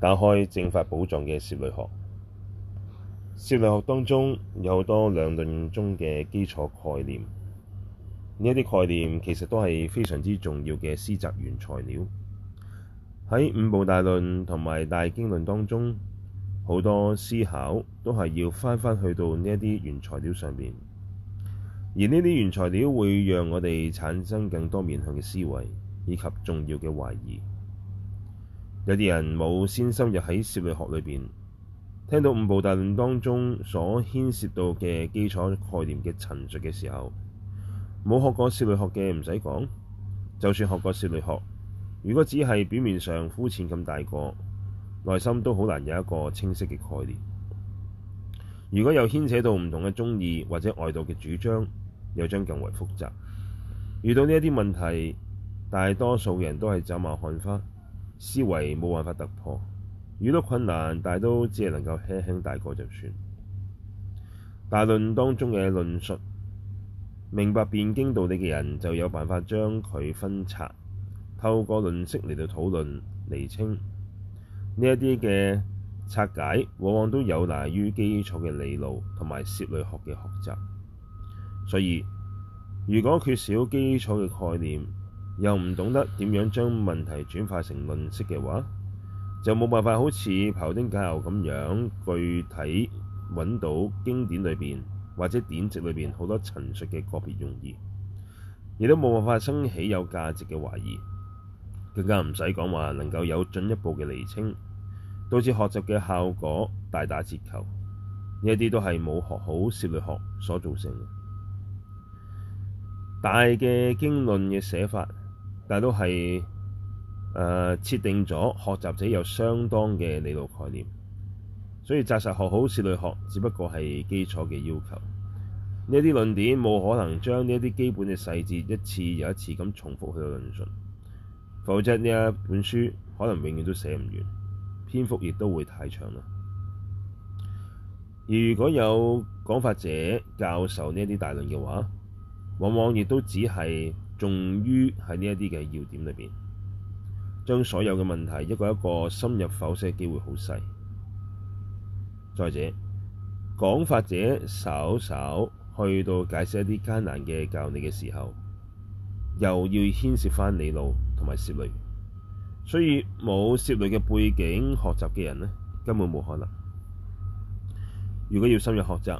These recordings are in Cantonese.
打開正法寶藏嘅攝類學，攝類學當中有好多量論中嘅基礎概念，呢一啲概念其實都係非常之重要嘅思擇原材料。喺五部大論同埋大經論當中，好多思考都係要翻翻去到呢一啲原材料上面。而呢啲原材料會讓我哋產生更多面向嘅思維以及重要嘅懷疑。有啲人冇先深入喺攝類學裏邊，聽到五部大論當中所牽涉到嘅基礎概念嘅陳述嘅時候，冇學過攝類學嘅唔使講，就算學過攝類學，如果只係表面上膚淺咁帶過，內心都好難有一個清晰嘅概念。如果有牽扯到唔同嘅宗義或者外道嘅主張，又將更為複雜。遇到呢一啲問題，大多數人都係走馬看花。思維冇辦法突破，遇到困難，大都只係能夠輕輕帶過就算。大論當中嘅論述，明白辯經道理嘅人就有辦法將佢分拆，透過論式嚟到討論釐清。呢一啲嘅拆解，往往都有賴於基礎嘅理路同埋攝類學嘅學習。所以，如果缺少基礎嘅概念，又唔懂得點樣將問題轉化成論式嘅話，就冇辦法好似庖丁解牛咁樣具體揾到經典裏邊或者典籍裏邊好多陳述嘅個別用意，亦都冇辦法生起有價值嘅懷疑，更加唔使講話能夠有進一步嘅釐清，導致學習嘅效果大打折扣。呢一啲都係冇學好攝類學所造成嘅。大嘅經論嘅寫法。但都係誒、呃、設定咗學習者有相當嘅理路概念，所以紮實學好攝類學，只不過係基礎嘅要求。呢啲論典冇可能將呢啲基本嘅細節一次又一次咁重複去到論述，否則呢一本書可能永遠都寫唔完，篇幅亦都會太長啦。如果有講法者教授呢啲大論嘅話，往往亦都只係重於喺呢一啲嘅要點裏邊，將所有嘅問題一個一個深入剖析，機會好細。再者，講法者稍稍去到解釋一啲艱難嘅教理嘅時候，又要牽涉翻理路同埋攝類，所以冇攝類嘅背景學習嘅人呢，根本冇可能。如果要深入學習，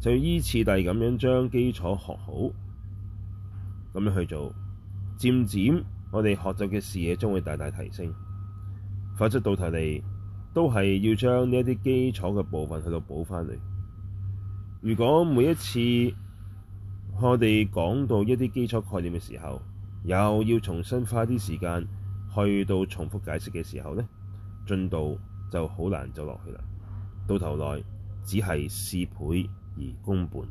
就要依次第咁樣將基礎學好。咁樣去做，漸漸我哋學習嘅視野將會大大提升。否則到頭嚟都係要將呢一啲基礎嘅部分去到補翻嚟。如果每一次我哋講到一啲基礎概念嘅時候，又要重新花啲時間去到重複解釋嘅時候呢，進度就好難走落去啦。到頭來只係事倍而功半。